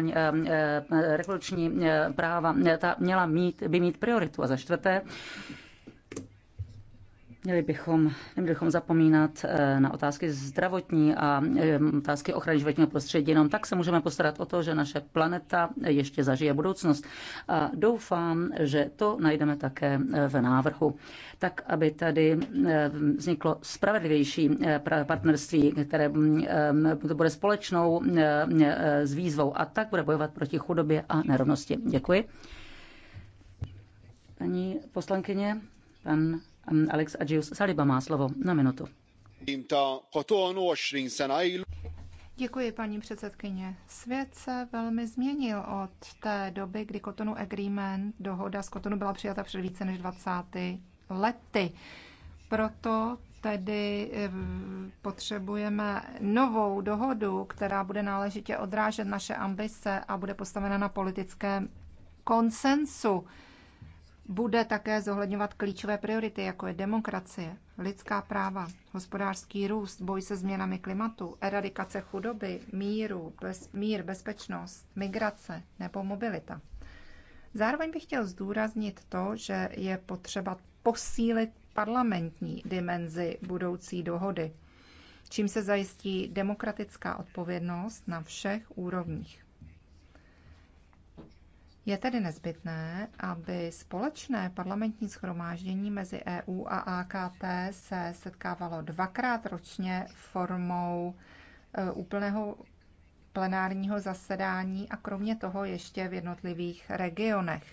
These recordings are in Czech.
Eh, eh, revoluční eh, práva ta měla mít, by mít prioritu. A za čtvrté, Měli bychom, neměli bychom zapomínat eh, na otázky zdravotní a eh, otázky ochrany životního prostředí. Jenom tak se můžeme postarat o to, že naše planeta eh, ještě zažije budoucnost. A doufám, že to najdeme také v návrhu. Tak, aby tady vzniklo spravedlivější partnerství, které mm, bude společnou s výzvou a tak bude bojovat proti chudobě a nerovnosti. Děkuji. Paní poslankyně, pan Alex Agius Saliba má slovo na minutu. Děkuji, paní předsedkyně. Svět se velmi změnil od té doby, kdy Cotonou Agreement, dohoda z Cotonou byla přijata před více než 20 lety. Proto tedy eh, potřebujeme novou dohodu, která bude náležitě odrážet naše ambice a bude postavena na politickém konsensu bude také zohledňovat klíčové priority, jako je demokracie, lidská práva, hospodářský růst, boj se změnami klimatu, eradikace chudoby, míru, bez, mír, bezpečnost, migrace nebo mobilita. Zároveň bych chtěl zdůraznit to, že je potřeba posílit parlamentní dimenzi budoucí dohody, čím se zajistí demokratická odpovědnost na všech úrovních. Je tedy nezbytné, aby společné parlamentní schromáždění mezi EU a AKT se setkávalo dvakrát ročně formou e, úplného plenárního zasedání a kromě toho ještě v jednotlivých regionech.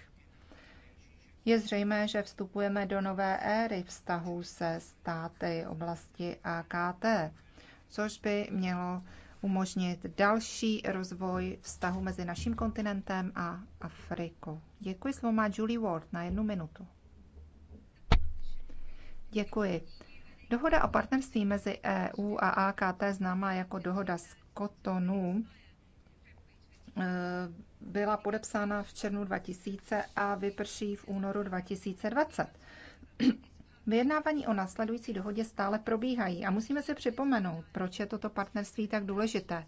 Je zřejmé, že vstupujeme do nové éry vztahů se státy oblasti AKT, což by mělo umožnit další rozvoj vztahu mezi naším kontinentem a Afrikou. Děkuji, slovo má Julie Ward na jednu minutu. Děkuji. Dohoda o partnerství mezi EU a AKT, známá jako dohoda z Kotonu, eh, byla podepsána v červnu 2000 a vyprší v únoru 2020. Vyjednávání o následující dohodě stále probíhají a musíme si připomenout, proč je toto partnerství tak důležité.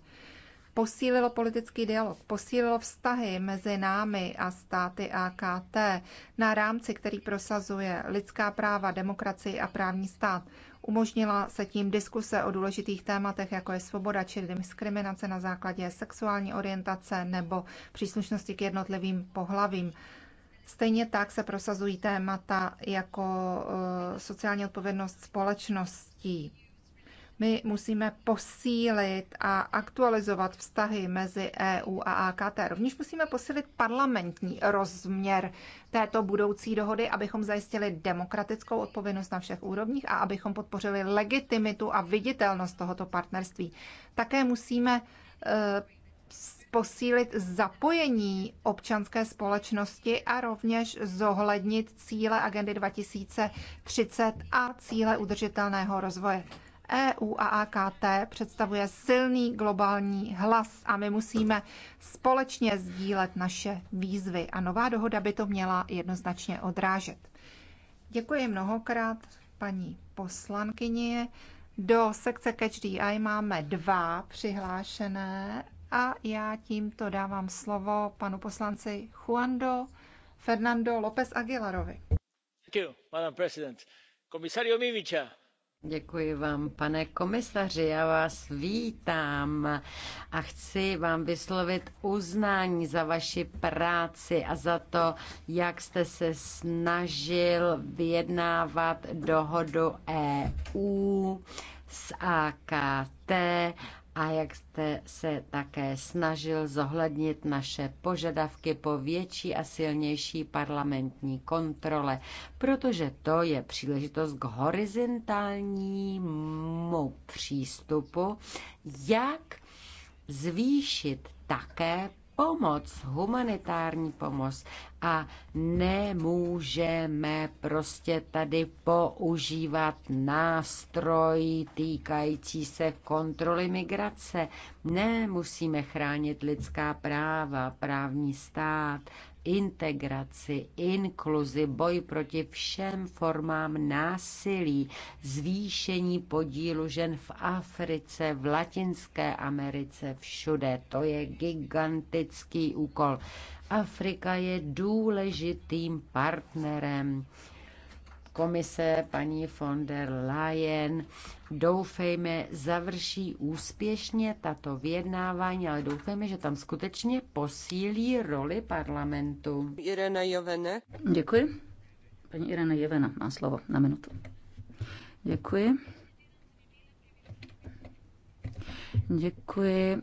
Posílilo politický dialog, posílilo vztahy mezi námi a státy AKT na rámci, který prosazuje lidská práva, demokracii a právní stát. Umožnila se tím diskuse o důležitých tématech, jako je svoboda či diskriminace na základě sexuální orientace nebo příslušnosti k jednotlivým pohlavím. Stejně tak se prosazují témata jako eh, sociální odpovědnost společností. My musíme posílit a aktualizovat vztahy mezi EU a AKT. Rovněž musíme posílit parlamentní rozměr této budoucí dohody, abychom zajistili demokratickou odpovědnost na všech úrovních a abychom podpořili legitimitu a viditelnost tohoto partnerství. Také musíme eh, posílit zapojení občanské společnosti a rovněž zohlednit cíle agendy 2030 a cíle udržitelného rozvoje. EU a AKT představuje silný globální hlas a my musíme společně sdílet naše výzvy a nová dohoda by to měla jednoznačně odrážet. Děkuji mnohokrát paní poslankyni. Do sekce Catch DI máme dva přihlášené a já tímto dávám slovo panu poslanci Juando Fernando López Aguilarovi. Děkuji vám, pane komisaři, já vás vítám a chci vám vyslovit uznání za vaši práci a za to, jak jste se snažil vyjednávat dohodu EU s AKT a jak jste se také snažil zohlednit naše požadavky po větší a silnější parlamentní kontrole, protože to je příležitost k horizontálnímu přístupu, jak zvýšit také pomoc, humanitární pomoc a nemůžeme prostě tady používat nástroj týkající se kontroly migrace. Ne, musíme chránit lidská práva, právní stát, integraci, inkluzi, boj proti všem formám násilí, zvýšení podílu žen v Africe, v Latinské Americe, všude. To je gigantický úkol. Afrika je důležitým partnerem komise paní von der Leyen doufejme završí úspěšně tato vyjednávání, ale doufejme, že tam skutečně posílí roli parlamentu. Irena Jovene. Děkuji. Paní Irena Jevena má slovo na minutu. Děkuji. Děkuji.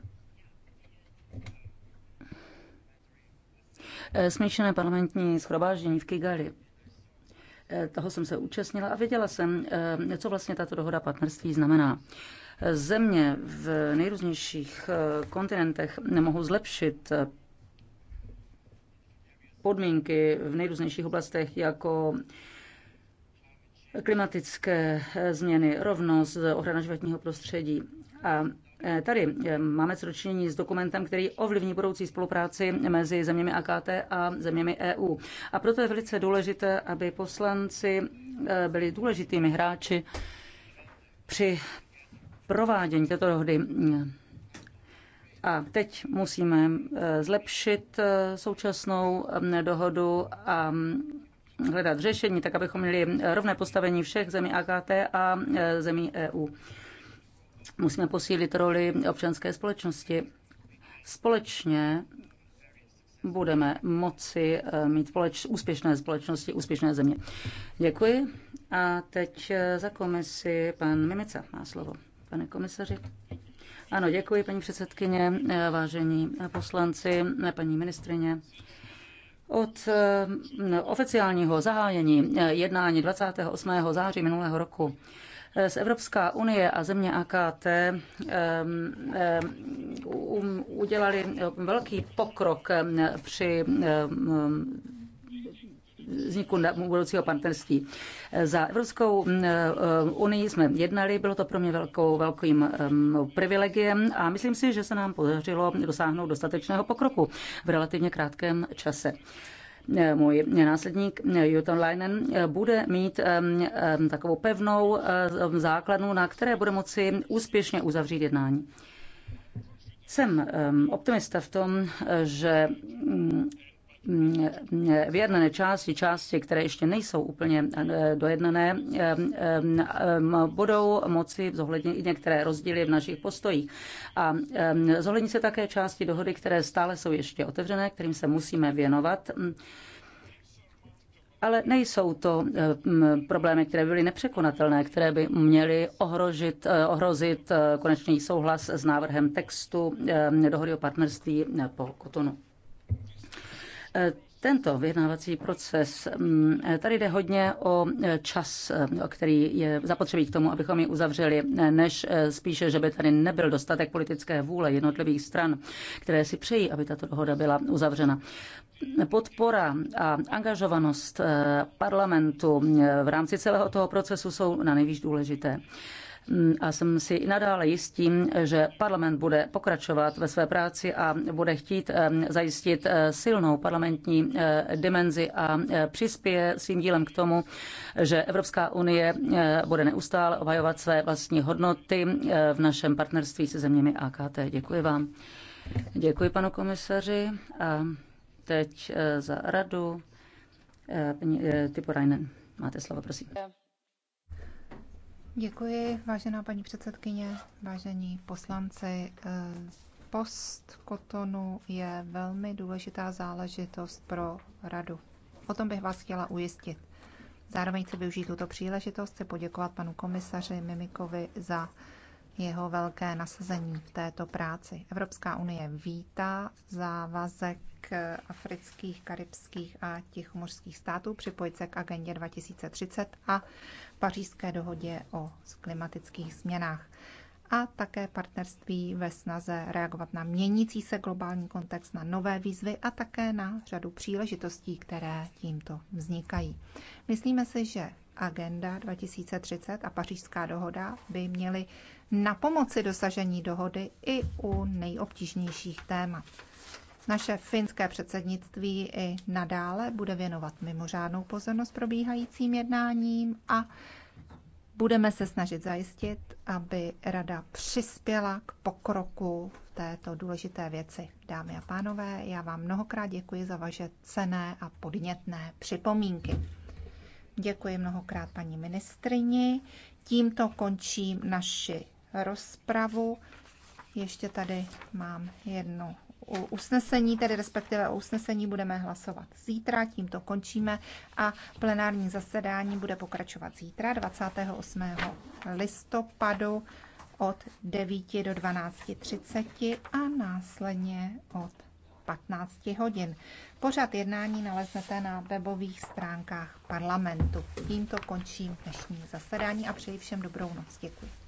Eh, smíšené parlamentní schrobáždění v Kigali Eh, toho jsem se účastnila a věděla jsem, eh, co vlastně tato dohoda partnerství znamená eh, země v nejrůznějších kontinentech nemohou zlepšit podmínky v nejrůznějších oblastech, jako klimatické změny, rovnost, ochrana životního prostředí. A Eh, tady eh, máme sročnění s dokumentem, který ovlivní budoucí spolupráci mezi zeměmi AKT a zeměmi EU. A proto je velice důležité, aby poslanci eh, byli důležitými hráči při provádění této dohody. A teď musíme zlepšit současnou dohodu a mm, hledat řešení, tak abychom měli rovné postavení všech zemí AKT a zemí EU. Musíme posílit roli občanské společnosti. Společně budeme moci eh, mít společ, úspěšné společnosti, úspěšné země. Děkuji. A teď eh, za komisi pan Mimica má slovo. Pane komisaři. Ano, děkuji, paní předsedkyně, eh, vážení poslanci, paní ministrině. Od oficiálního zahájení jednání 28. září minulého roku z Evropská unie a země AKT udělali velký pokrok při vzniku budoucího partnerství. Za Evropskou unii jsme jednali, bylo to pro mě velkou, velkým privilegiem a myslím si, že se nám podařilo dosáhnout dostatečného pokroku v relativně krátkém čase. Eh, můj následník eh, Jutton Leinen eh, bude mít takovou pevnou základnu, na které bude moci úspěšně uzavřít jednání. Jsem optimista v tom, že mm, vyjednané části, části, které ještě nejsou úplně eh, dojednané, eh, eh, budou moci zohlednit i některé rozdíly v našich postojích. A zohlední se také části dohody, které stále jsou ještě otevřené, kterým se musíme věnovat. Ale nejsou to problémy, které by byly nepřekonatelné, které by měly ohrožit, ohrozit konečný souhlas s návrhem textu dohody o partnerství po Kotonu. Eh, tento vyjednávací proces, mm, eh, tady jde hodně o eh, čas, který je zapotřebí k tomu, abychom ji uzavřeli, než spíše, že by tady nebyl dostatek politické vůle jednotlivých stran, které si přejí, aby tato dohoda byla uzavřena. Podpora a angažovanost parlamentu v rámci celého toho procesu jsou na nejvíc důležité. Mm, a jsem si i nadále jistý, že parlament bude pokračovat ve své práci a bude chtít zajistit eh, silnou parlamentní eh, dimenzi a eh, přispěje svým dílem k tomu, že Evropská unie bude neustále obhajovat své vlastní hodnoty v našem partnerství se zeměmi AKT. Děkuji vám. Děkuji panu komisaři a teď za radu. Typo Reinen, máte slovo, prosím. Děkuji, vážená paní předsedkyně, vážení poslanci. Eh, Post Kotonu je velmi důležitá záležitost pro radu. O tom bych vás chtěla ujistit. Zároveň chci využít tuto příležitost, chci poděkovat panu komisaři Mimikovi za jeho velké nasazení v této práci. Evropská unie vítá závazek afrických, karibských a tichomořských států připojit se k agendě 2030 a pařížské dohodě o klimatických změnách a také partnerství ve snaze reagovat na měnící se globální kontext, na nové výzvy a také na řadu příležitostí, které tímto vznikají. Myslíme si, že Agenda 2030 a Pařížská dohoda by měly na pomoci dosažení dohody i u nejobtížnějších témat. Naše finské předsednictví i nadále bude věnovat mimořádnou pozornost probíhajícím jednáním a budeme se snažit zajistit, aby Rada přispěla k pokroku v této důležité věci. Dámy a pánové, já vám mnohokrát děkuji za vaše cené a podnětné připomínky. Děkuji mnohokrát paní ministrině. Tímto končím naši rozpravu. Ještě tady mám jedno usnesení, tedy respektive o usnesení budeme hlasovat zítra, tímto končíme a plenární zasedání bude pokračovat zítra 28. listopadu od 9 do 12.30 a následně od 15 hodin. Pořad jednání naleznete na webových stránkách parlamentu. Tímto končím dnešní zasedání a přeji všem dobrou noc. Děkuji.